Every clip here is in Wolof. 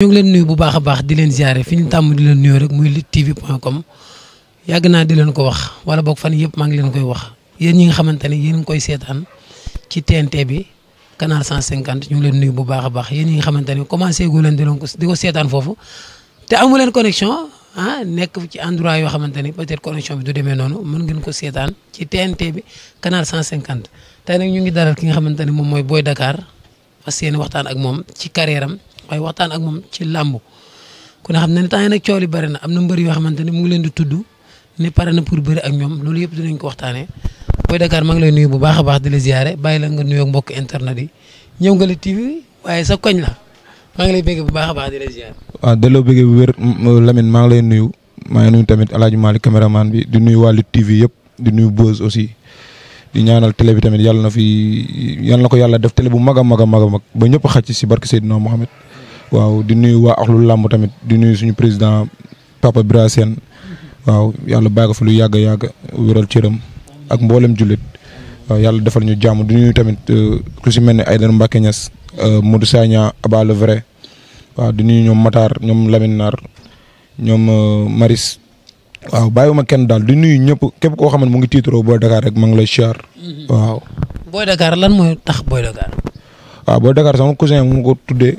ñu ngi leen nuyu bu baax a baax di leen ziare fi ñu tàmm di leen nuyoo rek muy Lutte TV point com yàgg naa di leen ko wax wala boog fan yëpp maa ngi leen koy wax yéen ñi nga xamante ne yéen ngi koy seetaan ci TNT bi canal 150 ñu ngi leen nuyu bu baax a baax yéen ñi nga xamante ne commencé gu leen di leen ko di ko seetaan foofu te amu leen ah nekk ci endroit yoo xamante ne peut-être connexion bi du demee noonu mën ngeen ko seetaan ci TNT bi canal 150 tey nag ñu ngi dalal ki nga xamante ne moom mooy Boy Dakar fas yéene waxtaan ak moom ci carrière waaye waxtaan ak moom ci làmb kon ne xam ne temps yi nag coow li bari na am na mbër yoo xamante ne mu ngi leen di tudd ni pare na pour bëri ak ñoom loolu yëpp dinañ ko waxtaanee. Boy Dakar maa lay nuyu bu baax a baax di la ziare bàyyi la nga nuyoo mbokk internet yi ñëw nga la TV waaye sa koñ la maa ngi lay bëgg bu baax a baax di la ziare. waaw delloo bëgg bu wér Lamine maa ngi lay nuyu maa ngi nuyu tamit El Hadj Malick caméraman bi di nuyu waa Lutte yëpp di nuyu Boz aussi. di ñaanal télé bi tamit yàlla na fi yàlla na ko yàlla def tele bu mag maga mag a mag ba ñëpp xaj ci barke Seydina Mohamed waaw di nuyu waa axlu làmb tamit di nuy suñu président Papa Bira Sène waaw yàlla bàyyi ko lu yàgg a yàgg wéral cëram ak mboolem jullit yàlla defal ñu jàmm di nuyu tamit euh, ku si mel ne Aïdara Mbacke Niass euh, Modou Sagna Aba le vrai waaw di nuy ñoom Matar ñoom Lamine Nar ñoom euh, Maris waaw bàyyiwuma kenn daal di nuyu ñëpp képp koo xam ne mu ngi tiitaroo Boy Dakar rek maa ngi lay siyaar waaw. Boy Dakar lan mooy tax Boy Dakar. waaw Boy Dakar sama cousin ko tuddee.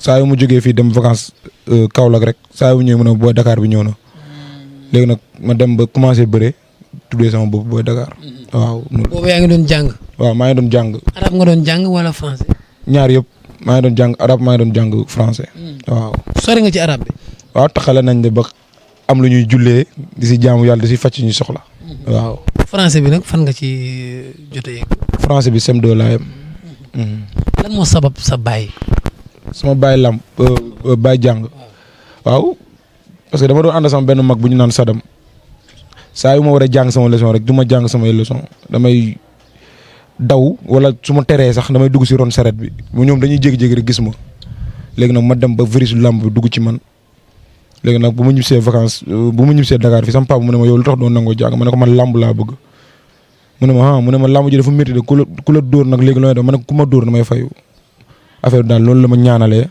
saa yu mu jógee fii dem vacances euh, Kaolack rek saa yu ñëwee mu ne booy dakaar bi ñëw na hmm. léegi nag ma dem ba commencé bëre tuddee sama bopp booy hmm. waaw. boobu yaa ngi doon jàng. waaw maa ngi doon jàng. arab nga doon jàng wala français. ñaar yëpp maa ngi doon jàng arab maa doon jàng français. Hmm. waaw. sori nga ci arab bi. waaw taxale nañ de ba am lu ñuy jullee di si jaamu yàlla di si fàcc ñu soxla. waaw. français bi nag fan nga ci euh, jotee. français bi sem doo laayam. moo sabab sa baay. suma baay lam euh, euh, baay jàng waaw parce que dama doon ànd sama benn mag bu ñu naan Sadam saa yu ma war a jàng sama leçon rek du ma jàng samay leçon damay daw wala su ma teree sax damay dugg si ron saret bi mu ñoom dañuy jékki-jékki rek gis ma léegi nag ma dem ba virus làmb bi dugg ci man léegi nag bu ma ñibbisee vacance euh, bu ma ñibbisee Dakar fi sama papa mu ne ma yow lu tax doon nangoo jàng ma ne ko man làmb laa bëgg mu ne ma ah mu ne ma làmb ji dafa métti de ku léegi looy def ma ne ku ma dóor damay fayu affaire daal loolu la ma ñaanalee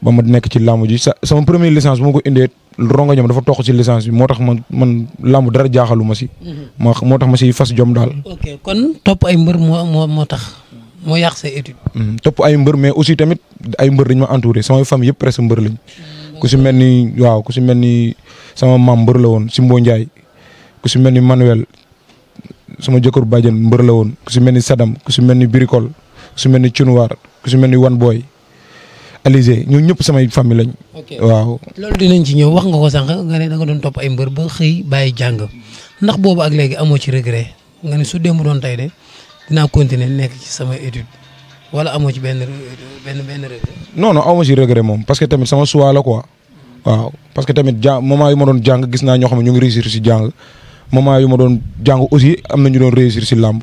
ba ma nekk ci làmb ji sa sama premier licence bu ma ko indee rongo ñoom dafa toq ci licence bi moo tax man man làmb dara jaaxalu ma si. Mm-hmm. moo tax ma si fas jom daal. ok kon topp ay mbër moo moo moo tax. moo yàq say étude. Mm-hmm. topp ay mbër mais aussi tamit ay mbër dañu ma entouré samay famille yëpp presque mbër lañ. ku si mel ni waaw ku si mel ni sama maam mbër la woon Simbo Ndiaye ku si mel ni Manuel sama jëkkër bàjjen mbër la woon ku si mel ni sa ku si mel ni Biricol ku mel ni Cunuwaar ku si mel ni wan booy Alizé ñoom ñëpp samay famille lañ. waaw loolu dinañ ci ñëw wax nga ko sànq nga ne da nga doon topp ay mbër ba xëy bàyyi jàng ndax boobu ak léegi amoo ci regret nga ne su démb doon tey de dinaa continuer nekk ci sama étude wala amoo ci benn benn benn regret. non non amoo ci moom parce que tamit sama choix la ko waaw parce que tamit jàng moment yu ma doon jàng gis naa ñoo xam ne ñu ngi réussir si jàng moment yu ma doon jàng aussi am na ñu doon réussir si làmb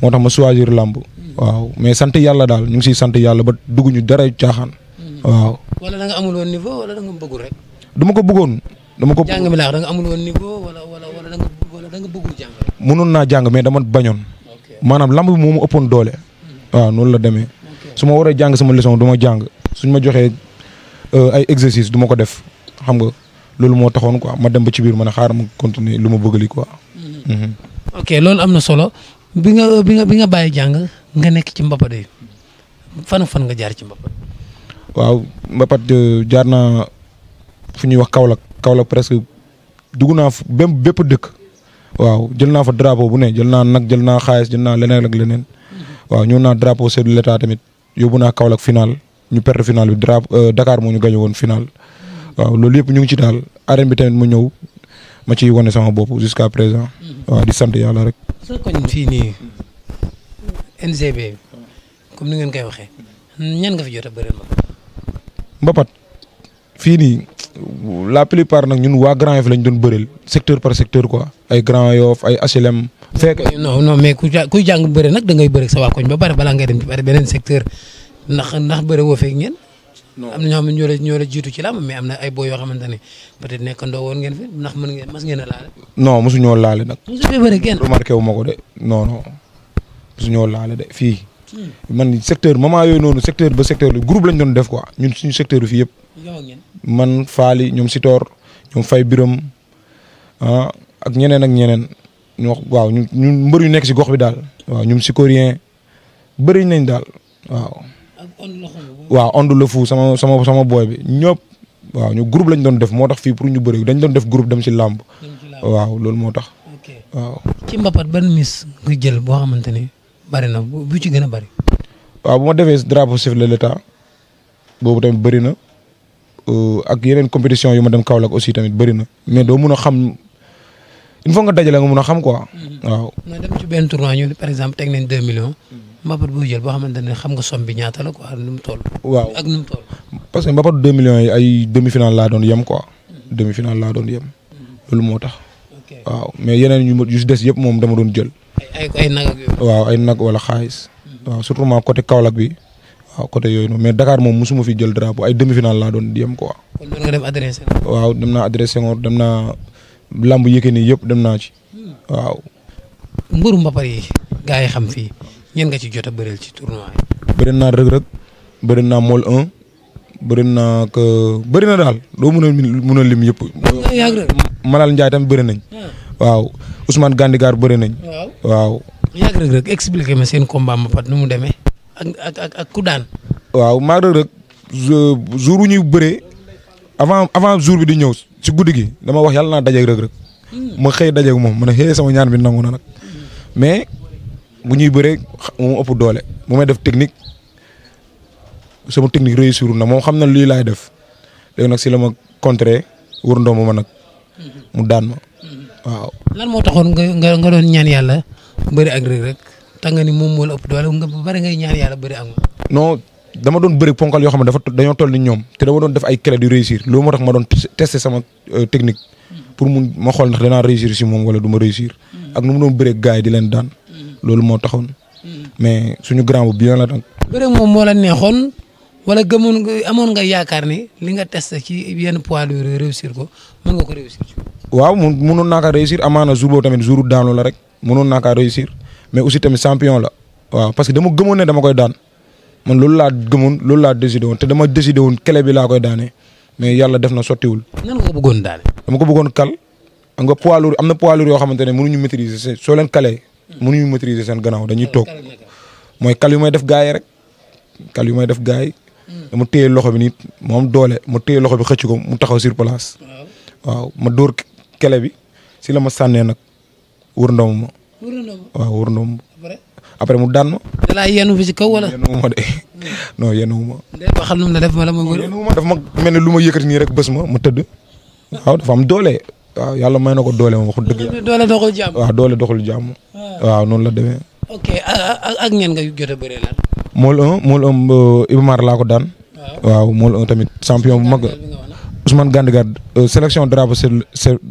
moo tax ma choisir làmb. waaw mais sant yàlla daal ñu ngi siy sant yàlla ba dugguñu dara caaxaan. Mm-hmm. waaw. wala da nga niveau wala da nga rek. dama ko bëggoon. dama ko jàng mi laax da nga amul woon niveau wala wala wala da nga wala da nga mënoon naa jàng mais dama bañoon. maanaam lamb bi moo ma ëppoon doole. Mm-hmm. waaw noonu la demee. su ma waree jàng sama leçon du ma jàng suñ ma joxee euh, ay exercice du ma ko def xam nga loolu moo taxoon quoi ma dem ba ci biir ma a xaar ma continuer lu ma bëggali quoi. Mm-hmm. loolu am na solo bi nga bi bi nga bàyyi jàng nga nekk ci mbapat yi fan fan nga jaar ci mbapat. waaw mbapat jaar naa fu ñuy wax Kaolack Kaolack presque dugg naa fu même bépp dëkk. waaw jël naa fa drapeau bu ne jël naa nag jël naa xaalis jël naa leneen ak leneen. waaw ñëw naa drapeau chef de tamit yóbbu naa Kaolack final ñu perte final bi drapeau euh, moo ñu gañe woon final. waaw loolu yëpp ñu ngi ci daal arène bi tamit mu ñëw ma ciy wane sama bopp jusqu'à présent. Mm-hmm. waaw di sant yàlla rek. soo ko fii nii NGB comme ni ngeen koy waxee ñan nga fi jot a bëri ma. Mbapat fii nii la plupart nag ñun waa Grand Yoff lañ doon bëreel secteur par secteur quoi ay Grand Yoff ay HLM. fekk non non mais ku kuy jàng bëri nag da ngay bëri sa waa koñ ba pare balaa ngay dem ci beneen secteur ndax ndax bëri woo feeg ñeen am na ñoo xam ne ñoo la ñoo la jiitu ci làmb mais am na ay boo yoo xamante ne peut-être nekkandoo woon ngeen fi ndax mën ngeen ngeen a laale non mosu ñoo laale nag mosu fi bëri kenn ñoo laale de fii hmm. man secteur moment yooyu noonu secteur ba secteur lu groupe lañ doon def ko ñu suñu secteur bi fii yëpp man faali ñoom Sitor ñoom Fay Biram ah, ak ñeneen ak ñeneen waaw ñu ñun mbër yu nekk si gox bi daal waaw ñum si corien bëri nañ daal waaw waaw ondu la fu sama sama sama booy bi ñëpp waaw ñu groupe lañ doon def moo tax fii pour ñu bëri dañ doon def groupe dem si làmb waaw loolu moo tax waaw. ci mbapat ban miss nga jël boo xamante ni bari na bu ci gën a bari. waaw bu ma defee drapeau chef de l'État boobu tamit bëri na euh, ak yeneen compétition yu ma dem Kaolack aussi tamit bëri na mais doo mun a xam il faut nga dajale nga mun a xam quoi mm-hmm. waaw. nga dem ci benn tournoi ñu par exemple teg nañ 2 millions. Mm-hmm. mbapat boo jël boo xamante ne xam nga somme bi ñaata la quoi mu toll. waaw ak nu mu toll. parce que millions yi ay demi final laa doon yem quoi. Hmm. demi final laa doon yem. Hmm. loolu moo tax. mais yeneen yu ma yu des yëpp moom dama doon jël. ay ay waaw ay nag wala xaalis. Hmm. waaw ma côté Kaolack bi. waaw côté yooyu mais Dakar moom musuma fi jël drapeau ay demi final laa doon yem quoi. kon doon nga dem waaw dem naa adressé ngoor dem naa lamb yëkkani yëpp dem naa ci. waaw. mburu mbapat yi. gaa yi xam fii. ñeen nga ci jot a bëreel ci tournoi yi. naa Reug Reug bëri naa Mol 1 bëri na daal doo mën a mën a yëpp. Malal Ndiaye tamit nañ. Ah. waaw Ousmane Gandigaar bëri nañ. waaw. yàgg Reug Reug expliqué ma seen combat ma pat nu mu demee ak ak ak ak ku daan. waaw maa Reug Reug jour wu ñuy bëree avant avant bi di ñëw si guddi gi dama wax yàlla naa dajeeg Reug Reug hmm. ma xëy dajeeg moom ma ne xëy sama ñaan bi nangu na nag hmm. mais bu ñuy bëree moom ëpp doole bu ma def technique sama technique réussir na moom xam na lii laay def léegi nag si la ma contrer wër ndoom ma nag mu daan ma waaw. tax nga ni moom ñaan yàlla bëri ak non dama doon bëri yoo xam ne dafa dañoo toll ni ñoom te dama doon def ma doon tester sama euh, technique pour mun ma xool ndax danaa réussir si moom wala duma ma réussir. Mm-hmm. ak nu mu doon bëree gars yi di leen daan. loolu moo taxoon. mais suñu grand bu bien la nag. bëre moom moo la neexoon wala gëmoon nga amoon nga yaakaar ni li nga testé ci yenn poids lourd réussir ko mën nga ko réussir. waaw mun munoon naa kaa réussir amaana jour boobu tamit jour daanu la rek munoon naa kaa réussir mais aussi tamit champion la waaw parce que dama gëmoon ne dama koy daan man loolu laa gëmoon loolu laa décidé woon te dama décidé woon kele bi laa koy daanee mais yàlla def na sottiwul. nan nga ko bëggoon daane. bëggoon kal nga poids am na poids yoo xamante ne mënuñu maîtriser soo leen mënuñu maîtriser seen gannaaw dañuy ah, toog mooy kal yu may def gaa yi rek kal yu may def gaay hmm. dama téye loxo bi nit moom doole ma téye loxo bi xëcc ko mu taxaw sur place. ma dóor bi si la ma sànnee nag wër ndoom ma. wër ndoom mu daan ma. da laa kaw wala. yenu ma de hmm. yenu ma. xam na def ma la mel ne lu ma yëkkati nii rek bës ma ma tëdd. waaw dafa am doole waaw yàlla may na ko doole moom wax dëgg. doole doxul jàmm waaw doole doxul jàmm. Ah. waaw noonu la demee. ok ak ñeen nga jot a bëree lan. mool 1 laa ko daan. waaw mool tamit champion bu mag. Ah. Ousmane Gandigal euh, sélection drapeau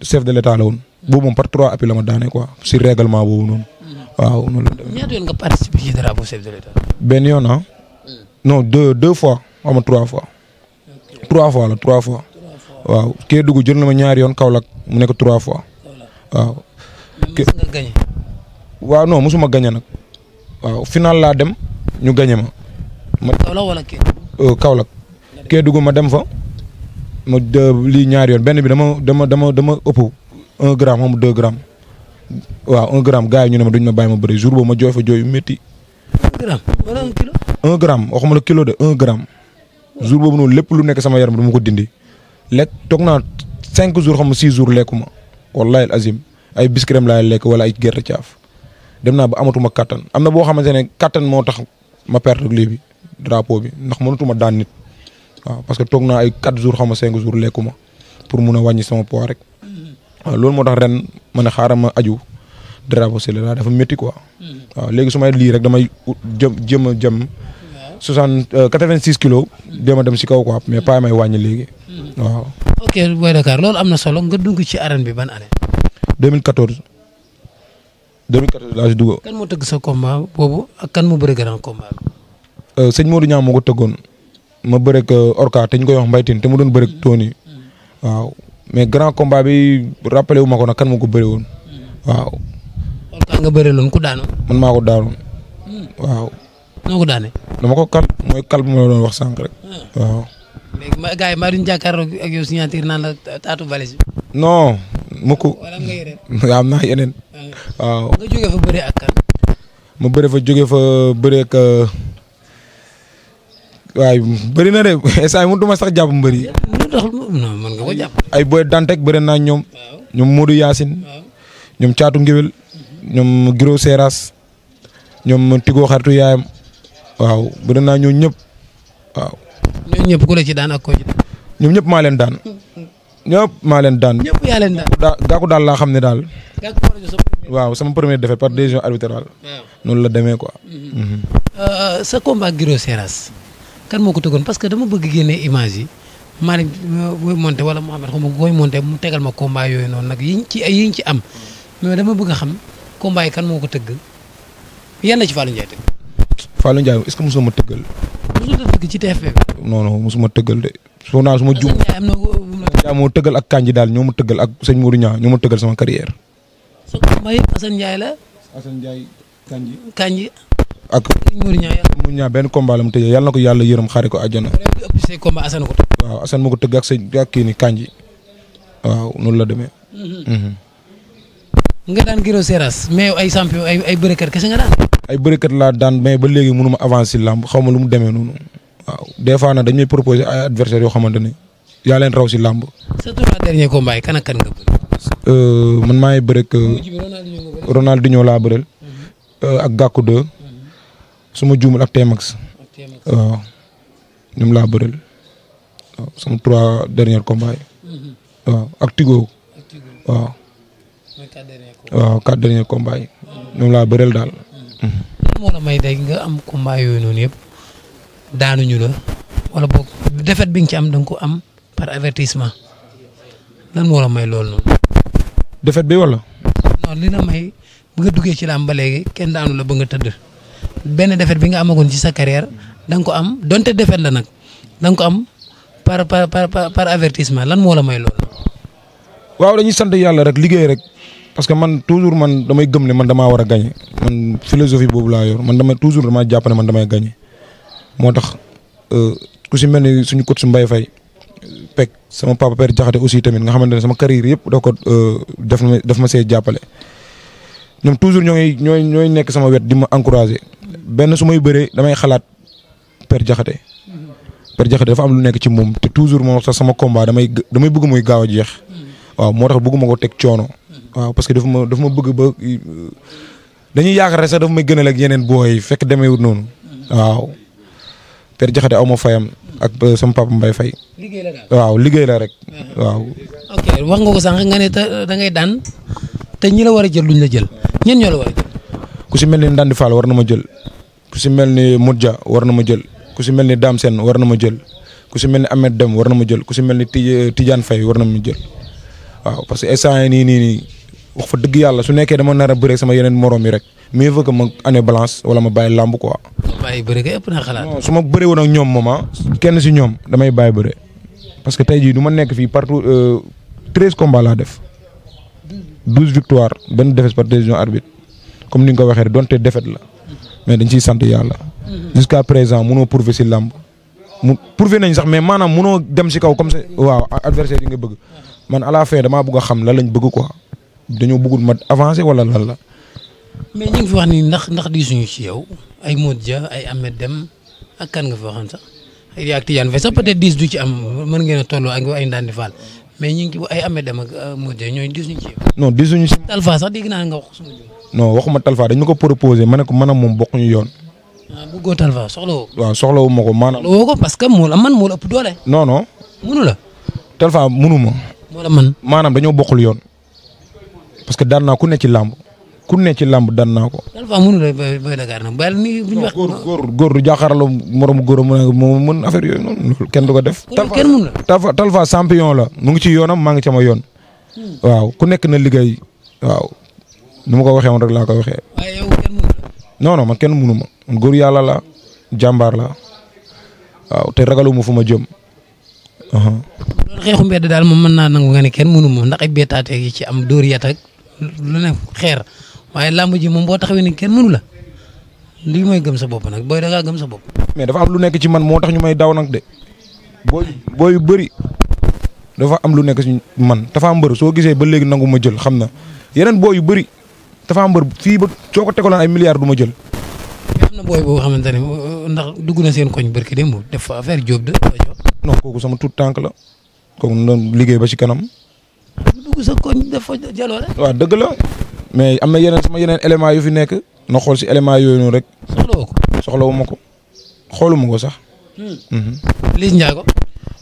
chef de l'état la woon. Hmm. boobu moom par trois appels la ma daanee quoi si règlement boobu noonu. Hmm. waaw noonu la demee. yoon nga participé drapeau chef de l'état. benn yoon ah. hmm. non deux fois xaw ma trois fois. trois fois la trois fois. waaw na ñaari yoon Kaolack. mu nekk trois fois. waaw. mës nga gagné. waaw mosuma gagné nag. waaw final laa dem ñu gagné ma. ma Kaolack wala Kédougou. Euh, Kaolack Kédougou ma dem fa. ma lii ñaari yoon benn bi dama dama dama dama ëpp un gramme am deux gramme gars ñu ne ma duñ ma bàyyi ma bëri jour boobu ma jooy fa jooy yu métti. un gramme wala kilo. un gramme waxuma la kilo de un gramme. jour boobu noonu lépp lu nekk sama yaram dama ko dindi lekk toog naa cinq jours xam nga six jours lekkuma wallahi azim ay biscrème laay lekk wala ay gerte caaf dem naa ba amatuma kattan am na boo xamante ne kattan moo tax ma perte lii bi drapeau bi ndax mënatuma daan nit waaw parce que toog naa ay quatre jours xam nga cinq jours lekkuma pour mun a wàññi sama poids rek loolu moo tax ren ma ne xaaral ma aju drapeau c'est là dafa métti quoi. waaw léegi suma may lii rek damay jëm jëm a jëm. soixante euh, quatre-vingt-six kilos. dem a dem si kaw quoi mais pas may wàññi léegi waaw. ok Boy Dakar loolu am na solo nga dugg ci arène bi ban année. 2014. 2014 laa si dugg. kan moo tëgg sa combat boobu ak kan mu bëri grand combat bi. Euh, sëñ Modou Niang moo ko tëggoon ma bëreeg euh, Orca te ñu koy wax mbaytin te mu doon bëreeg Tony waaw mais grand comba bi rappelé wu ma ko nag kan moo ko bëri woon waaw. Orca nga bëri loon ku daanoon. man maa ko daan hmm. waaw. noo ko daane. dama ko kal mooy kal bu ma la wax sànq rek hmm. léegi ma gars yi maa duñ jàkkaarloo naan la taatu valise bi. non. mukk wala nga yeneen. Ah. waaw fa bëree ak kan. ma bëri fa jógee fa bëree ak euh, waaye bëri na de instant yi mënut ma sax jàpp mbëri. non ay boy Dantec bëri naa ñoom. ñoom Modou Yacine. ñoom Caatu Ngéwél. ñoom Giro ñoom Tigo xaritu yaayam. waaw bëri naa ñoo ñëpp waaw. ñoom ñëpp ku la ci ñoom ñëpp maa leen daan. ñëpp maa leen daan. ñëpp yaa leen daan. gàkku daal laa xam ne daal. waaw sama première défaite par décision arbitrale. noonu la demee ko mm-hmm. mm-hmm. euh, sa combat ak Giro Seras kan moo ko tëggoon parce que dama bëgg génne image yi Malick booy monté wala Mouhamed xam nga booy mu tegal ma combat yooyu noonu nag yiñ ci yiñ ci am mais dama bëgg a xam combat kan moo ko tëgg yan la ci Fallou Ndiaye tëgg. Fallou Ndiaye est-ce que mosoo ma tëggal. mosul nga tëgg ci tëggal de. soo naa su ma juum moo tëggal ak Kanji daal ñoo ma tëggal ak sëñ Modou Niang ñoo ma tëggal sama carrière. soo ko may Assane Ndiaye la. Assane Ndiaye Kanji. Kanji. ak benn combat mu tëjee yàlla ko yàlla yërëm xaare ko àjjana. waaw Assane moo ko tëgg ak sëñ ak kii ni Kanji. waaw noonu la demee. Mm-hmm. Mm-hmm. nga daan Giro Seras mais ay champion ay ay bërëkkat nga daan. ay bërëkkat laa daan mais ba léegi mënu ma avancer làmb xaw ma lu mu demee noonu waaw des fois nag dañuy proposer ay adversaires yoo xamante ne yaa leen raw si làmb. kan ak kan nga euh, man maa euh, ngi bëri di Ronaldinho laa bëreel. Mhm. Euh, ak Gakou 2. Mhm. su ma juumul ak Tmax. waaw laa bëreel waaw sama trois dernier mhm. ñoom laa bëreel daal. lan moo la may day nga am combat yooyu noonu yëpp daanuñu la wala boog defet bi nga ci am da nga ko am par avertissement lan moo la may loolu noonu. defet bi wala. non li la may bi nga duggee ci làmb ba léegi kenn daanu la ba nga tëdd benn defet bi nga amagoon ci sa danga ko am donte defet la nag danga ko am par par par par avertissement lan moo la may loolu. waaw dañuy sant yàlla rek liggéey rek. parce que man toujours man damay gëm ne man damaa war a gagné man philosophie boobu laa yor man damay toujours damaa jàpp ne man damay gagné moo tax euh, ku si mel ni suñu coach Mbaye fay pek sama papa père jaxate aussi tamit nga xamante ne sama carrière yëpp daf ko euh, daf ma see jàppale ñoom toujours ñooy ñooy ñooy nekk sama wet di ma encourager benn su may bëree damay xalaat père jaxate père jaxate dafa am lu nekk ci moom te toujours moo sax sama combat damay damay bëgg muy gaaw a jeex waaw moo tax bëgguma ko teg coono. waaw parce que dafa ma dafa ma bëgg ba dañuy yaakaar rek sax dafa may gënal ak yeneen boo booy fekk demeewut noonu waaw Père Jaxate aw ma fayam ak euh, sama papa Mbaye Faye liggéey la waaw liggéey la rek uh-huh. waaw. ok wax da ngay daan te ñi la war a jël duñ la jël ñen ñoo ku si mel ni Ndandi Fall war na ma jël ku si mel ni Modja war na ma jël ku si mel ni Dame Sène war na ma jël ku si mel ni Ahmed Dem war na ma jël ku si mel ni Tidjane Faye war na ma jël parce que instant nii nii nii. wax fa dëgg yàlla su nekkee dama nar a bëre sama yeneen morom yi rek mieux vaut que ma année balance wala ma bàyyi làmb quoi. bàyyi bëre su ma bëree woon ñoom mama ah, kenn si ñoom damay bàyyi bëre parce que tey jii du ma nekk fii partout euh, treize combats laa def douze victoire benn défaite par décision arbitre comme ni nga ko waxee donte défaite la mais dañ ciy sant yàlla. jusqu'à présent mënoo prouver si làmb mu prouvé nañ sax mais maanaam mënoo dem si kaw comme ça waaw yi nga bëgg man à la fin damaa bëgg xam lan lañ bëgg quoi. dañoo bëggul ma avancé wala lan la. mais ñu fi wax ni ndax ndax di suñu ci yow ay Modou Dia ay ame Dem ak kan nga fa waxoon sax yaa ak Tidiane Faye sax peut-être diis du ci am mën ngeen a tolloo ak ay Ndandi Fall mais ñu ngi ci ay Ahmed Dem ak euh, Modou Dia ñooñu diisuñu ci yow. non diisuñu ci. Talfa sax dégg naa nga wax suma jum. non waxuma Talfa dañ ma ko proposé ma ne ko man moom bokkuñu yoon. ah bëggoo Talfa soxla woo. waaw soxla wu ma ko maanaam. soxla woo ko la man moo la ëpp doole. non non. munu ma. moo man maanaam dañoo bokkul yoon. parce que daan ku ne ci làmb ku ne ci làmb daan naa ko. Alpha mënu la Boy Boy Dakar nag moo mën affaire yooyu noonu kenn du ko def. kenn la Talfa Talfa champion la mu ngi ci yoonam maa ngi sama yoon. Hmm. waaw ku nekk na liggéey waaw nu ma ko waxee woon rek laa ko waxee. waaye yow kenn mënu la. non non góor yàlla la jàmbaar la waaw te ragaluma fu ma jëm. loolu xeexu mbedd daal moom mën naa nangu nga kenn mënu ma ndax ay yi ci am dóor yat ak lu ne xeer waaye làmb ji moom boo taxawee ni kenn mënu la lii mooy gëm sa bopp nag booy da ngaa gëm sa bopp. mais dafa am lu nekk ci man moo tax ñu may daw nag de. booy booy yu bëri. dafa am lu nekk ci man dafa am mbër soo gisee ba léegi nangu ma jël xam na yeneen booy yu bëri dafa am mbër fii ba soo ko tegaloon ay milliards du ma jël. mais na booy boo xamante ne euh, ndax dugg na seen koñ barki démb def fa affaire Diop de. non kooku sama tout tànk la kooku liggéey ba ci kanam. dugg sa koñ def fa jaloore waaw dëgg la mais am na yeneen sama yeneen éléments yu fi nekk na xool si éléments yooyu noonu rek. soxlawoo ko soxlawu ma ko xooluma ko sax. Hmm. Mhm. Liss Ndiago.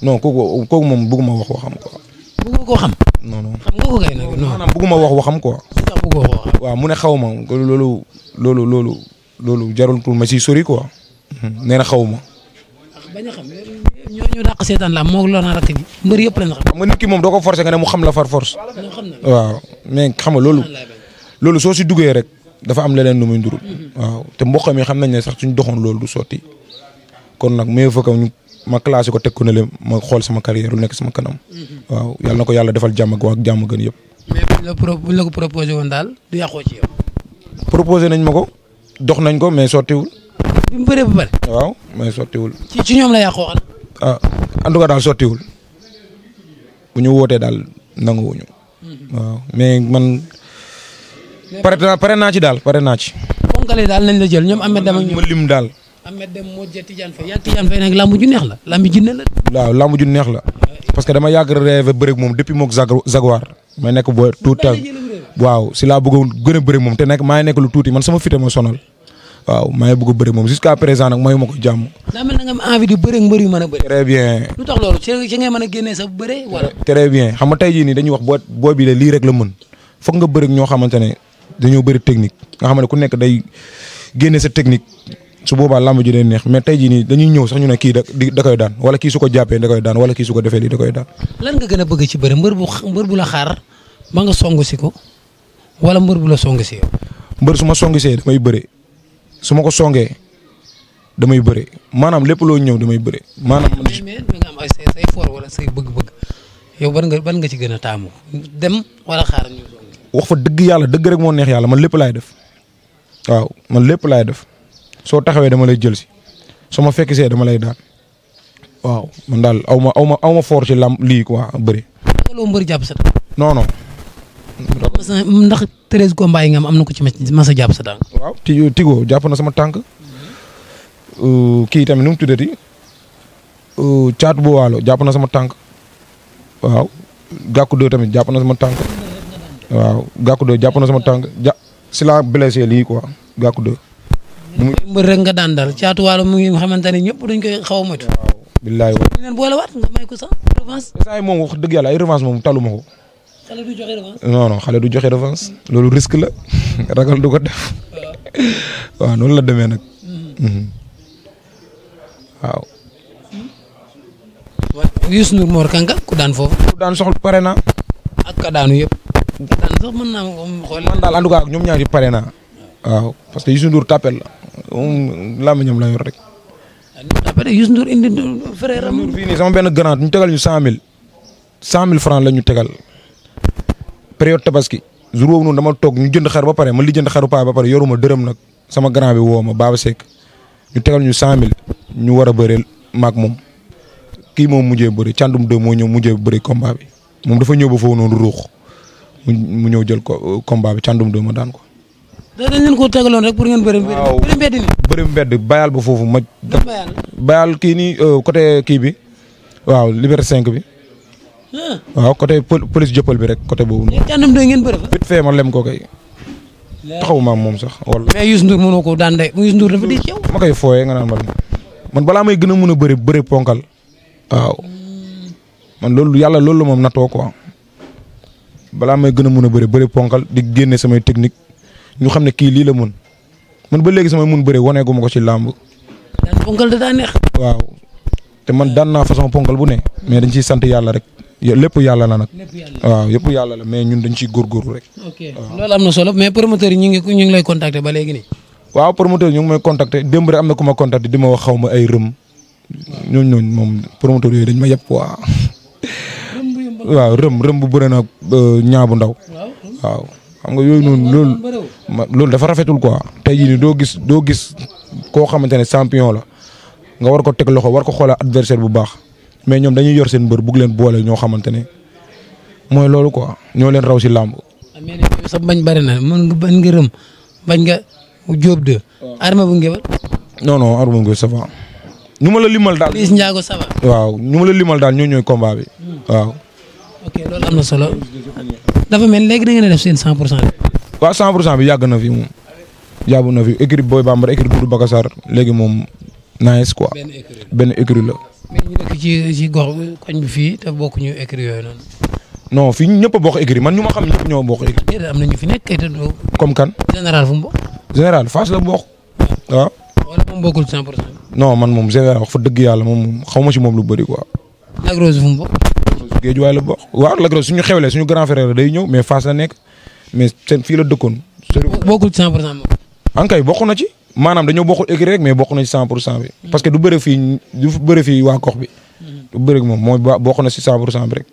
non kooku kooku moom bëgguma wax waxam quoi. ko xam. non non xam nga ko kay nag. non maanaam bëgguma wax waxam quoi. sax bëggoo wax waxam. waaw mu ne xaw ma loolu loolu loolu loolu jarul pour ma si sori quoi. Mhm. nee na xaw ma. ñu dàq seetaan la moo loolaa rakk ji mbër yëpp lañ xam. xam nga nit ki moom doo ko xam la far force. soo si duggee rek dafa am leneen lu muy ndurul. Mhm. waaw te mi xam nañ ne sax suñ doxoon loolu du sotti kon nag mieux vaut que ma classé ko teg ko ne leen ma xool sama carrière lu nekk sama kanam. Mhm. waaw yàlla na ko yàlla defal jàmm ak jàmm gën yëpp. mais buñ la pro buñ la woon daal du yàqoo ci yow. proposé nañ ma ko dox nañ ko mais sottiwul. bi mu bëree ba pare. waaw mais sottiwul. ci ci ñoom la yàqoo a en tout daal sottiwul bu ñu wootee daal nanguwuñu. waaw mais man. pare pare naa ci daal pare naa ci. ponkale daal nañ la jël ñoom Ahmed Deme ak ñoom ma lim daal. Ahmed Deme moo jël Tidiane la lamb ju neex la. waaw lamb ju que dama yàgg rêve bëri moom depuis moog Jaguar may nekk ba tout temps waaw si laa bëggoon gën a bëri moom te nekk maa ngi nekk lu tuuti man sama fite ma sonal. waaw maa ngi bëgg a bëri moom jusqu'à présent nag mayu ma ko jàmm. daa mel na nga am envie di bëri ak mbër yu mën a bëri. très bien. lu tax loolu ci ngay mën a xam nga tey jii nii dañuy wax boo boo bii de lii rek la mën foog nga bëri ak ñoo xamante ne dañoo bëri technique nga xam ne ku nekk day génne sa technique su boobaa làmb ji day neex mais tey jii nii dañuy ñëw sax ñu ne kii da da koy daan wala kii su ko jàppee da koy daan wala su ko defee lii da koy daan. lan nga a bëgg ci bëri mbër bu bu la xaar ba nga song si ko wala mbër bu la song si mbër su ma song see damay bëre su ma ko songee damay bëre maanaam lépp loo ñëw damay bëre. maanaam mais mais nga am ay say say for wala say bëgg-bëgg yow ban nga ban nga ci gën a taamu dem wala wax fa dëgg yàlla dëgg rek moo neex yàlla man lépp laay def waaw man lépp laay def soo taxawee dama lay jël si su ma fekk see dama lay daan waaw man daal aw ma aw ma aw ma for ci lam lii quoi bëri. non non. ndax treize combats yi nga am na ko ci mas a jàpp sa tànk. waaw ti Tigo jàpp na sama tànk mm-hmm. euh, kii tamit nu mu tuddati caatu euh, bu waalo jàpp na sama tànk waaw gàkku doo tamit jàpp na sama tànk waaw gàkku doo jàpp na sama tànk ja si la blessé lii quoi gàkku doo. mbër rek nga daan daal caatu waalo mu ngi xamante ne ñëpp dañ koy xaw a moytu. waaw nga may ko sax revanche. saa yi moom wax dëgg yàlla ay revanche moom talu ma ko. xale du joxe revanche. non non xale du joxe revanche. loolu risque la ragal du ko def. waaw noonu la demee nag. Mm-hmm. Mm-hmm. waaw. Youssou Ndour Mor Kang ku daan foofu. ku daan soxla pare naa. ak ka yëpp. mën naa xool. man daal en tout ñoom ñaari pare naa. waaw parce que Youssou Ndour tàppel la moom làmmiñam la yor rek. Ah, après Youssou indi frère am. fii sama benn grand ñu tegal ñu cent mille cent mille franc la ñu tegal période tabaski jour boobu noonu dama toog ñu jënd xar ba pare ma li jënd xaru paa ba pare yoruma dërëm nag sama grand bi woo ma Baba Seck ñu tegal ñu cent mille ñu war a bëreel maag moom kii moom mujjee bëri càndum deux moo ñëw mujjee bëri combat bi moom dafa ñëw ba foofu noonu ruux mu ñëw jël ko euh, combat bi càndum deux ma daan ko. da ko tegaloon rek pour ngeen bëri. waaw bëri mbedd ba foofu ma. bayal kii nii euh, côté kii bi waaw Liberté cinq bi. waaw côté police jëppal bi rek côté boobu. yéen càndam doy ngeen lem ko kay. taxawuma am moom sax wala. mais Youssou Ndour koo daan de Youssou Ndour dafa di ci ma koy fooyee nga naan man man balaa may gën a mën a bëri bëri ponkal. man loolu yàlla loolu la moom natoo quoi balaa may gën a mun a bëri bëri ponkal di génne samay technique ñu xam ne kii lii la mën man ba léegi samay mën bëri waneegu ma ko ci làmb. daan waaw te man daan naa façon ponkal bu ne. mais dañ ciy sant yàlla rek. lépp yàlla la nag. waaw yëpp yàlla la mais ñun dañ ciy góorgóorlu rek. ok am na solo mais promoteur yi ñu ngi ñu ngi lay contacter ba léegi nii. waaw promoteur ñu ngi may contacter rek am na ku a contacter di ma wax xaw ma ay rëm. ñooñu ñooñu moom promoteur yooyu dañ ma yëpp waaw rëm rëm bu bëre nag euh, bu ndaw. waaw xam nga yooyu noonu loolu. loolu dafa rafetul quoi. tey jii nii doo gis doo gis koo xamante ne champion la nga war ko teg loxo war ko a adversaire bu baax mais ñoom dañuy yor seen mbër bugg leen boole ñoo xamante ne mooy loolu quoi ñoo leen raw si làmb. Ah, sa bañ bari na mën nga bañ nga rëm bañ nga jóob de. arme bu ngeen non non arme bu ngeen ça ma la limal daal. Liss Ndiago ça waaw ñu la limal daal ñoo ñooy combat bi hmm. waaw. loolu am na solo. dafa mel léegi da ngeen def seen 100 pour cent. waaw 100 pour cent bi yàgg na fi moom. yàgg na fi écurie Boy Bambara écurie Doudou Bakassar léegi moom nice quoi. benn écurie la. ci ci gox koñ bi fii te bokkuñu écrit yooyu noonu. non fii ñëpp a bokk écrit man ñu ma xam ñëpp ñoo bokk écrit. déedéet am na ñu fi nekk kay te doo. comme kan. bokk. général Fass la bokk. waaw. Ah. wala moom bokkul 100 man moom général wax dëgg yàlla moom xaw ma si moom lu bëri quoi. Lac Rose fu mu bokk. géej waay la bokk waaw Lac Rose suñu xewlee suñu grand frère la day mais Fass nekk mais seen fii la dëkkoon. bokkul 100 pour cent moom. bokk na ci. maanaam dañoo bokkul écrit rek mais bokk na ci 100 pour cent parce que du bëre fii du fii waa gox bi. bëreeg moom mooy bokk na si 100 pour cent bi rek.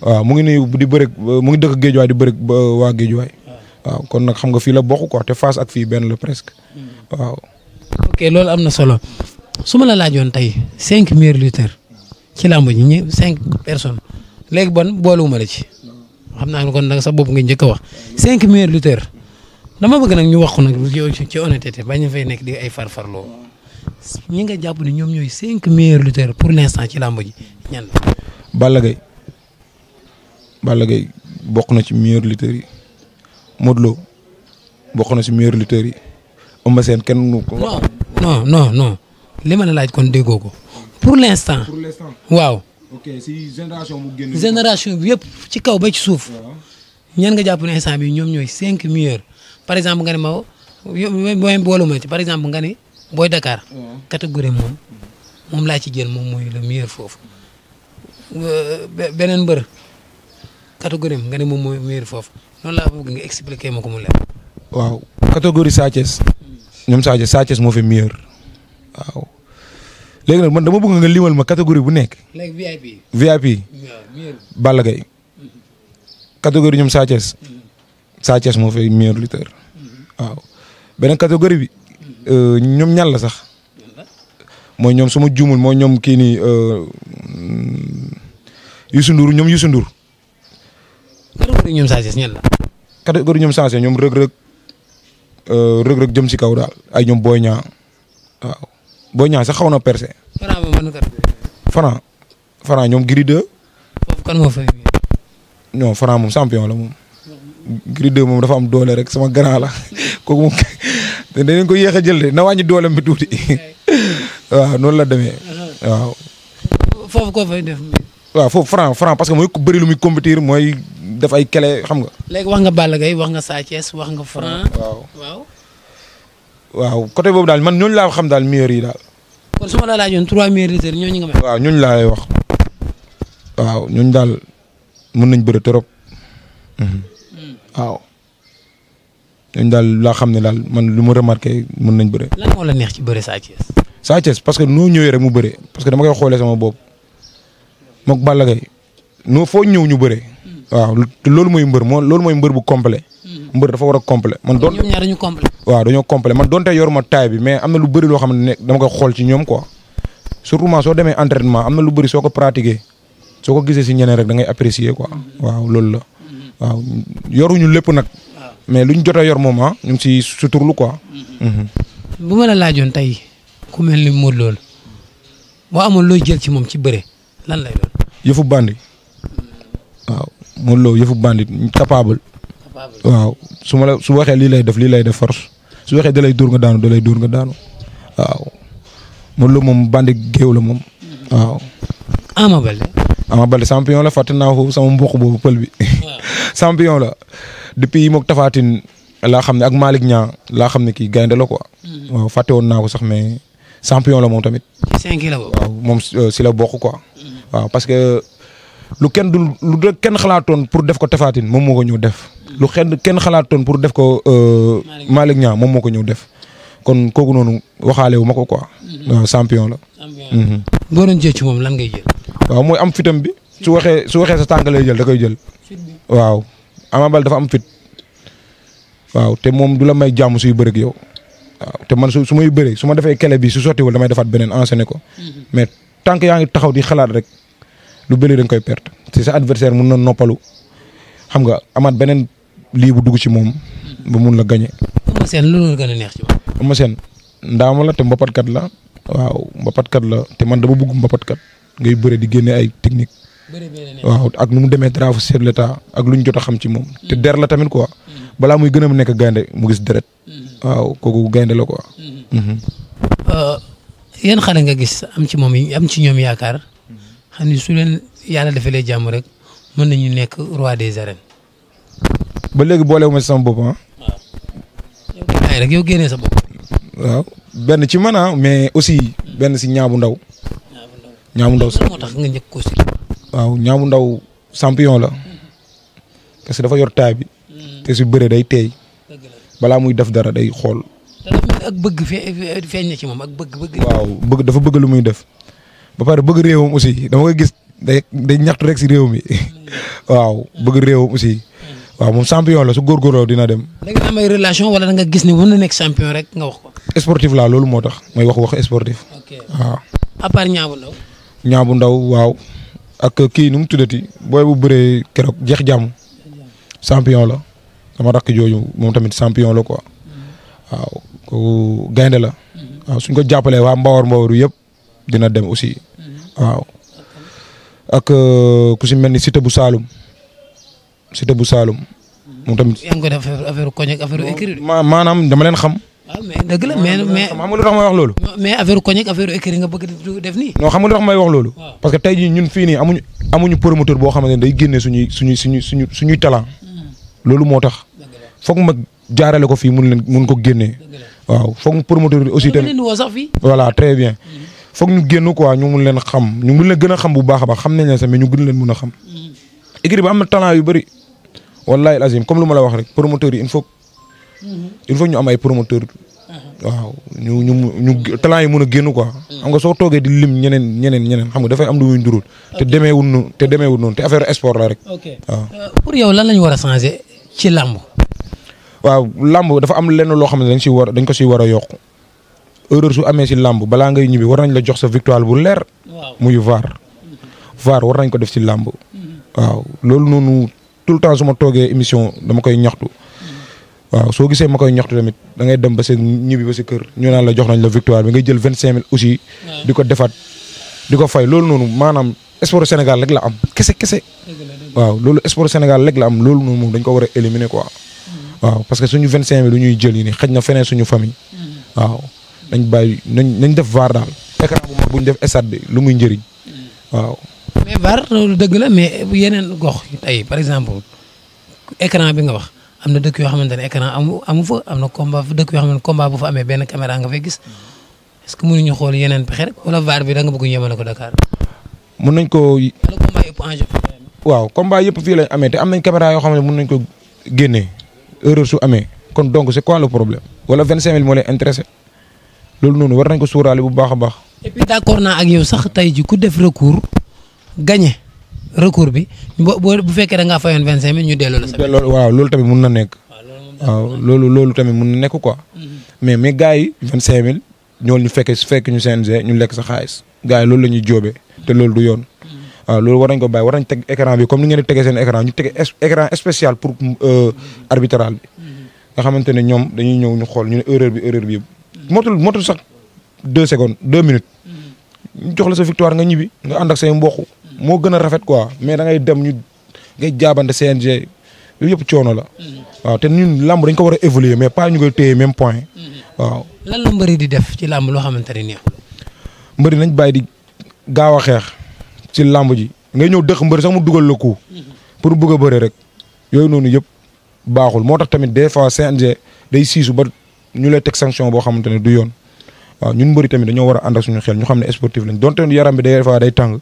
waaw mu ngi nuyu di bëreeg mu ngi dëkk géejuwaay di bëreeg waa géejuwaay. Ah. waaw kon nag xam nga fii la bokk quoi te Fass ak fii benn la presque. Hmm. waaw. ok loolu am na solo suma la laajoon tey cinq meilleurs lutteurs ci làmb ñi ñëw cinq personnes léegi bon boolewuma la ci xam naa ne kon nag sa bopp nga njëkk a cinq meilleurs lutteurs dama bëgg nag ñu wax ko nag yow ci honnêteté bañ fay nekk di ay farfarloo. ñi nga jàpp ni ñoom ñooy cinq meilleurs lutteurs pour l'instant ci làmb ji ñan la. Balla Gaye Balla Gaye bokk na ci meilleurs lutteurs yi Modou Lo bokk na ci meilleurs lutteurs yi Eumeu Sène kenn mënu ko. non non non non li ma la laaj kon déggoo ko pour l'instant. pour l'instant waaw. ok si génération bu yëpp ci kaw ba ci suuf. ñan nga jàpp ne instant bi ñoom ñooy cinq meilleurs par exemple nga ne ma wo booluma ci par exemple nga ni booy Dakar. Mm. catégorie moom moom laa ci jël moom mooy le meilleur foofu. Euh, beneen mbër catégorie nga ne moom mooy meilleur foofu noonu laa bëgg nga expliquer ma ko mu leer. waaw catégorie Sa ñoom Sa Thiès moo fi meilleur waaw man dama bëgg nga ma catégorie bu nekk. léegi VIP. VIP. waaw Balla Gaye catégorie mm-hmm. moo fi meilleur lutteur mm-hmm. waaw beneen catégorie bi. Euh, ñoom ñan la sax mooy ñoom su juumul mooy ñoom kii nii euh, mm, Youssou ñoom yusundur Ndour. catégorie ñoom Sa Thiès ñan la. ñoom Sa Thiès ñoom Reug euh, jëm si kaw daal ay ñoom Boy Niang waaw Boy sax xaw na percé. Franc ñoom Gris 2. foofu kan moo moom champion la moom. Gris moom dafa am doole rek sama grand la kooku te danañ ko yéex a jël de na wàññi dooleem bi tuuti waaw noonu la demee uh-huh. waaw. foofu koo fay def. waaw foofu franc franc parce que mooy ku bëri lu muy compétir mooy def ay kele xam nga. léegi wax nga Balla Gaye wax nga Sa Thiès wax nga franc. waaw waaw. boobu daal man ñooñu laa xam daal meilleurs yi daal. kon su ma la laajoon trois meilleurs lutteurs ñooñu waaw ñooñu laa lay wax waaw ñooñu daal mën nañ bëri trop hmm. Hmm. waaw. ñooñu daal laa xam ne daal man lu ma remarqué mën nañ bëre. lan moo la neex ci bëre Sa Thiès. parce que noo ñëwee rek mu bëre parce que dama koy xoolee sama bopp moog Balla Gaye noo foo ñëw ñu bëre. Hmm. waaw loolu mooy mbër moo loolu mooy mbër bu complet hmm. mbër dafa war a complet man doon ñoom ñaar dañu complet waaw dañoo complet man donte yoruma taay bi mais am na lu bëri loo xam ne dama koy xool ci ñoom ko surtout ma soo demee entraînement am na lu bëri soo ko pratiqué soo ko gisee si ñeneen rek dangay ngay ko quoi hmm. waaw loolu la waaw yoruñu lépp nag mais luñ jot yor moom ah ñu ngi si suturlu quoi. Mm-hmm. Mm-hmm. bu ma la laajoon tey ku mel ni Modou loolu boo amoon looy jël ci moom ci bëre lan lay doon. yëfu bandi mm-hmm. waaw Modou Lo yëfu bandi capable. waaw su ma la su waxee lii lay def lii lay def force su waxee da lay dóor nga daanu da lay dóor nga daanu waaw Modou Lo moom bandi géew la moom waaw. Ama Baldé. Ama Baldé la fàtte naa foofu sama mbokk boobu pël bi champion la. depuis yi mook tafaatin laa xam ne ak Malick Niang laa xam ne kii gaynde la quoi. Hmm. waaw fàtte woon naa ko sax mais champion la moom tamit. cinq la moom euh, si la bokk ko hmm. waaw parce que lu kenn du lu kenn xalaatoon pour def ko tafaatin moom moo ko ñëw def. Hmm. lu xenn kenn xalaatoon pour def ko. Euh, Malick Niang moom moo ko ñëw def. kon kooku noonu waxaale wu ma ko quoi. waaw champion la. boo doon jël ci moom lan ngay jël. waaw mooy am fitam bi. su waxee su waxee sa tànk lay jël da koy jël. Ama Baldé dafa am fit waaw te moom du la may jàmm suy bëreeg yow waaw te man su su may bëree su ma defee kele bi su sottiwul damay defaat beneen enseigné ko mm-hmm. mais tant yaa ngi taxaw di xalaat rek lu bëri da koy perte te sa adversaire mun na noppalu xam nga amaat beneen lii bu dugg ci moom. ba mun la gañe. Eumeu Sène lu neex ci moom. Eumeu Sène la te mbapatkat la. waaw mbapatkat la te man dama bëgg mbapatkat ngay bëre di génne ay technique waaw ak nu mu demee drapeau chef de l'État ak lu ñu jot a xam ci moom. te der la tamit quoi. Mm-hmm. balaa muy gën mu nekk gaynde mu gis deret. Mm-hmm. waaw kooku gaynde la quoi. Mm-hmm. Euh, yéen xale nga gis am ci moom am ci ñoom yaakaar xam ni su leen yàlla defalee jàmm rek mën na ñu nekk roi des arènes. ba léegi boolewuma si sama bopp ah. waaw rek sa bopp. benn ci man ah, mais aussi benn si ñaabu ndaw. ñaabu ndaw ñaabu nga njëkk ko waaw ñaamu ndaw champion la mm-hmm. parce que dafa yor taay bi mm-hmm. te su bëree day teey balaa muy def dara day xool. ak bëgg feeñ na ci moom ak bëgg bëgg. bëgg dafa bëgg lu muy def ba pare bëgg réewam aussi dama koy gis day day ñaxtu rek si réew mi mm-hmm. waaw bëgg réewam aussi. waaw moom champion la su góorgóorloo dina dem. da nga am ay relation wala nga gis ne mën na nekk champion rek nga wax ko. sportif laa loolu moo tax may wax wax sportif. waaw. à Ndaw waaw. ak kii nu mu tuddati booy bu bëree keroog jeex jàmm champion la sama rakk jooju moom tamit champion la quoi waaw gaynde la suñ ko jàppale waa Mbawar Mbawaru yëpp dina dem aussi waaw ak euh, ku si mel ni Cité bu Saalum Cité bu Saalum moom tamit. yaa ngi leen xam. waaw ah, mais dëgg la mais mais xam nga lu tax may wax loolu. mais affaire koñ lu parce que tey ñun fii amuñu promoteur boo xamante day génne suñuy suñuy suñuy hmm. loolu moo tax. foog ma jaarale ko fii mun leen mun ko génnee. waaw foog mu promoteur bi aussi tamit voilà très bien. Hmm. foog ñu génn quoi ñu leen xam ñu mun leen a xam bu baax a baax xam ne leen sax mais ñu gën leen mun a xam. Hmm. écrit bi am na talent yu bëri. wallaahi comme lu ma la wax rek promoteur yi il faut il faut ñu am ay promoteur waaw ñu ñu ñu talent yi mun a génn ko xam nga soo toogee di lim ñeneen ñeneen ñeneen xam nga dafay am lu muy ndurul. te demeewul noonu te demeewul noonu te affaire sport la rek. Euh, pour yow lan la ñu war a changer ci làmb. waaw làmb dafa am lenn loo xam ne dañ si war dañ ko si war a yokk erreur su si làmb balaa ngay ñibbi war nañ la jox sa victoire bu leer. muy vaar. vaar war nañ ko def si làmb. Mhm. waaw loolu noonu tout le temps su ma toogee émission dama koy ñaxtu. waaw soo gisee ma koy ñoxtu tamit da ngay dem ba sa ñibbi ba sa kër ñu naan la jox nañ la victoire bi nga jël vingt cinq mille aussi. di ko defaat di ko fay loolu noonu maanaam sport Sénégal rek la am kese kese. waaw loolu sport Sénégal rek la am loolu noonu moom dañ ko war a éliminer quoi. Hmm. waaw parce que suñu vingt cinq mille lu ñuy jël yi nii xëj na fene suñu famille. Hmm. waaw nañ bàyyi nañ nañ def vaar daal. écran bu mag bu ñu def stade bi lu muy njëriñ. Hmm. waaw. dëgg la mais yeneen gox tey par exemple écran bi nga wax. am na dëkk yoo xamante ne écran amu amu am na combat dëkk yoo xam ne combat bu fa amee benn caméra nga fay gis mm-hmm. est-ce que mënuñu xool yeneen pexe rek wala VAR bi da nga bëgg ko Dakar. mun nañ ko wala waaw combat yëpp fii lañ amee te am nañ caméra yoo xam ne mën nañ ko génnee erreur su amee kon donc c'est quoi le problème wala 25000 moo lay intéressé loolu noonu war nañ ko suuraale bu baax a baax. et naa ak yow sax tey ji ku def recours gagné. recours bi boo bu fekkee da ngaa fayoon vingt cinq mille ñu delloo la. sa waaw loolu tamit mun na nekk. waaw loolu loolu tamit mun na nekk quoi. Mm-hmm. mais mais gars yi vingt cinq mille ñoolu ñu fekkee su fekkee ñu CNG ñu lekk sa xaalis gars loolu la ñuy jóobee te loolu du yoon. Mm-hmm. waaw loolu war nañ ko baay war nañ teg écran bi comme ni ngeen di tegee seen écran ñu teg écran spécial pour euh, mm-hmm. arbitral bi. nga xamante ne ñoom dañuy ñëw ñu xool ñu ne erreur bi erreur bi motul motul sax deux secondes deux minutes. ñu jox la sa victoire nga ñibbi nga ànd ak say moo gën a rafet quoi mais da ngay dem ñu ngay jaabante CNG yooyu yëpp coono la. Mm-hmm. waaw te ñun làmb dañ ko war a évoluer mais pas ñu koy téye même point. Mm-hmm. waaw lan mbëri di def ci làmb loo xamante ne nii. mbëri nañ bàyyi di gaaw a xeex ci làmb ji ngay ñëw dëkk mbëri sax mu dugal la ko mm-hmm. pour bëgg a rek yooyu noonu yëpp baaxul moo tax tamit des fois CNG day siisu ba ñu lay teg sanction boo xamante ne du yoon waaw ñun mbëri tamit dañoo war a ànd ak suñu xel ñu xam ne sportif lañ donte yaram bi des fois day tàng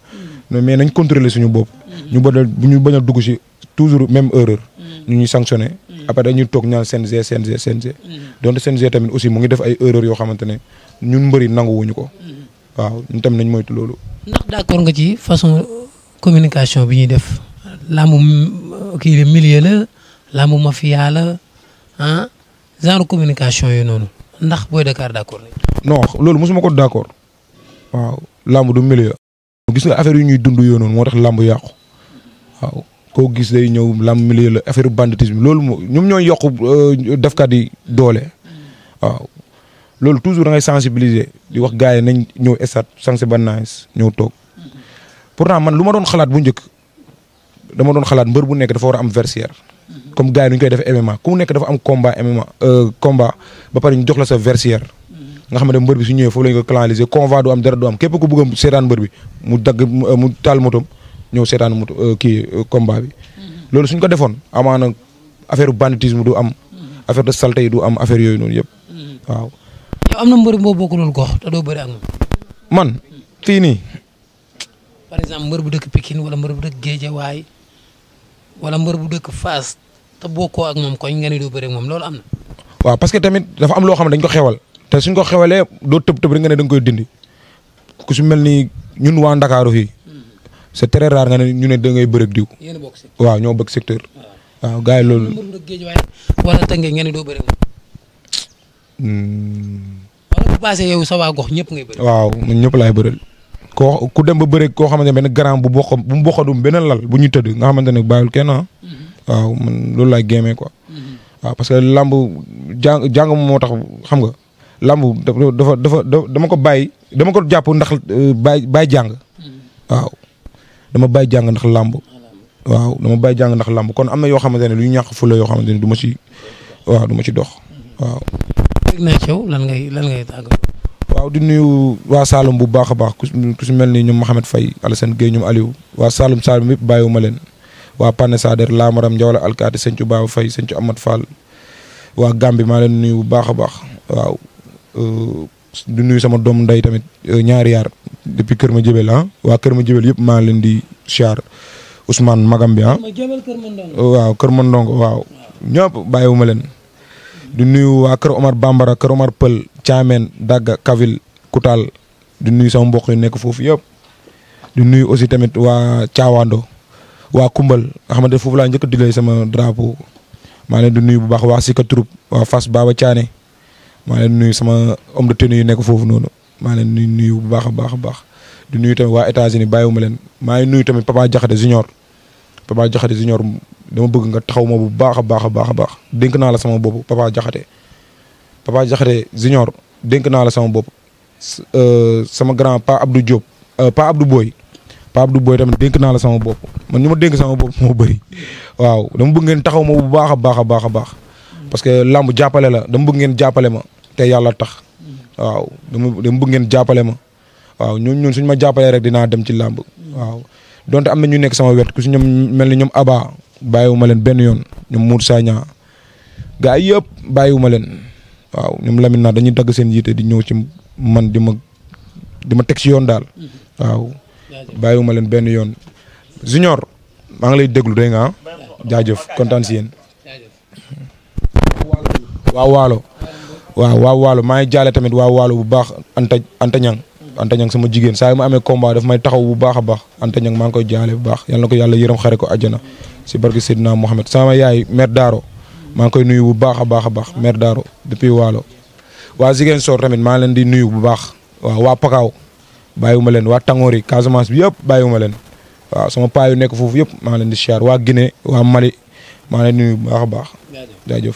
mais nañ contrôler suñu bopp. ñu bañ a ñu bañ a dugg si toujours même erreur. ñu ñuy sanctionné. après dañuy toog ñaan CNG CNG CNG. donte CNG tamit aussi mu ngi def ay erreurs yoo xamante ne ñun mbëri nanguwuñu ko. waaw ñun tamit nañ moytu loolu. ndax d'accord nga ci façon communication bi ñuy def. làmbu kii la milieu la làmbu mafia la ah genre communication yooyu noonu ndax Boy Dakar d'accord. non loolu mosuma ko d'accord waaw làmb du milieu. gis nga affaire yu ñuy dund yoo moo tax làmb yàqu waaw koo gis day ñëw làmb milieu la affaire banditisme loolu moo ñoom ñooy yokk euh, defkat yi doole waaw loolu toujours da ngay sensibiliser di wax gars yi nañ ñëw estat sanse ba naas ñëw toog pourtant man lu ma doon xalaat bu njëkk dama doon xalaat mbër bu nekk dafa war am versière comme gars yi koy def MMA ku nekk dafa am combat MMA euh, combat ba pare ñu jox la sa versière nga xam ne mbër bi su ñëwee foofu la ñu ko canaliser convoi du am dara du am képp ku bëgg a seetaan mbër bi mu dagg euh, mu taal motom ñëw seetaan moto euh, kii euh, combat bi. Mm-hmm. loolu suñ ko defoon amaana affaire banditisme du am. Mm-hmm. affaire de saleté du am affaire yooyu noonu yëpp mm-hmm. am na mbër boo bokkuloon gox te doo bëri ak man fii nii. par exemple bu dëkk Pikine wala mbër bu dëkk waay wala mbër bu dëkk Fass te bokkoo ak moom koñ nga ne doo bëri moom loolu am na. waaw parce que tamit dafa am loo xam ne dañ ko xewal te suñ ko xewalee doo tëb tëb rek nga ne da nga koy dindi ku su mel ni ñun waa Ndakaaru fii c'est ñu ne da ngay bëreeg diw. waaw ñoo bëgg secteur. Ah. waaw gars yi loolu. doo bëri. Hmm. wala bu sa waa gox waaw man ñëpp laay bëreel. koo ku dem ba bëri koo xamante ne benn grand bu bokk bu mu bokkadum beneen lal bu ñu tëdd nga xamante ne bàyyul kenn ah. mm-hmm. waaw man loolu laay gémme quoi. Mm-hmm. waaw parce que làmb jàng jàng moo tax xam nga. lambu dafa dafa dama ko bàyyi dama ko jàpp ndax euh, bàyyi baay jàng waaw dama bàyyi jàng ndax làmb waaw dama kon am na yoo xamante ne lu ñu ñàkk fula yoo xamante ne du ma ci waaw ma ci dox waaw. dégg naa ci di nuyu waa Saloum bu baax a baax ku si mel ni ñoom Mouhamed Faye Alassane Gueye ñoom Aliou waa Saloum Saloum yëpp bàyyiwuma leen waa Pane Sader Lamaram Ndiawla Alkaati Sëncu Baba Faye Sëncu Amath Fall waa Gambi maa leen nuyu bu baax a baax waaw. Euh, du nuy sama doom nday tamit euh, ñaari yaar depuis Kër ma jëbel ah waa Kër ma jëbel yëpp maa leen di siyaar usman Magam bi ah. Euh, waaw Kër ma ndongo waaw. ñëpp bàyyiwuma leen. di nuyu waa Kër Omar Bambara Kër Omar Pël Thiamène Dagga Kavil Koutal di nuyu sama mbokk yi nekk foofu yëpp. di nuyu aussi tamit waa Caawaando waa Kumbal nga foofu laa njëkk a digle sama drapeau maa leen di nuyu bu baax waa Sika Troupe waa Fass Baba Thiané. maa leen nuyu sama homme de tenue yu nekk foofu noonu maa leen nuyu nuyu bu baax a baax a baax di nuyu tamit waa États-Unis bàyyiwuma leen maa ngi nuyu tamit Papa Diakhaté junior Papa Diakhaté junior dama bëgg nga taxaw ma bu baax a baax a baax a baax dénk naa la sama bopp Papa Diakhaté Papa Diakhaté junior dénk naa la sama bopp euh, sama grand Pa Abdou Diop euh, Pa Abdou Boy Pa Abdou Boy tamit dénk naa la sama bopp man ñu ma dénk sama bopp moo bëri waaw dama bëgg ngeen taxaw ma bu baax a baax a baax a baax parce que lamb jàppale la dama bëgg ngeen jàppale ma te yàlla tax waaw dama dama bëgg ngeen jàppale ma waaw ñooñu ñun suñ ma jàppalee rek dinaa dem ci làmb waaw donte am na ñu nekk sama wet ku si ñoom mel ni ñoom Aba bàyyiwuma leen benn yoon ñoom Mour Sagna gaa yëpp bàyyiwuma leen waaw ñoom Lamine naa dañuy dagg seen yiite di ñëw ci man di ma di ma teg si yoon daal waaw bàyyiwuma leen benn yoon junior maa ngi lay déglu dégg nga jaajëf kontaan si yéen waa waalo waaw waaw waalo maa ngi jaale tamit waaw waalo bu baax Anta Anta Ñang Anta Ñang sama jigéen saa ma amee combat daf may taxaw bu baax a baax Anta Ñang maa ngi koy jaale bu baax yal na ko yàlla yërëm xare ko àjjana si barke Seydina Mohamed sama yaay mère Daaro maa ngi koy nuyu bu baax a baax a baax Daaro depuis waalo waa Ziguinchor Soor tamit maa ngi leen di nuyu bu baax waaw waa Pakaaw bàyyiwuma leen waa Tangoor yi Casamance bi yëpp bàyyiwuma leen waaw sama paa yu nekk foofu yëpp maa ngi leen di siyaar waa Guinée waa Mali maa ngi nuyu bu a baax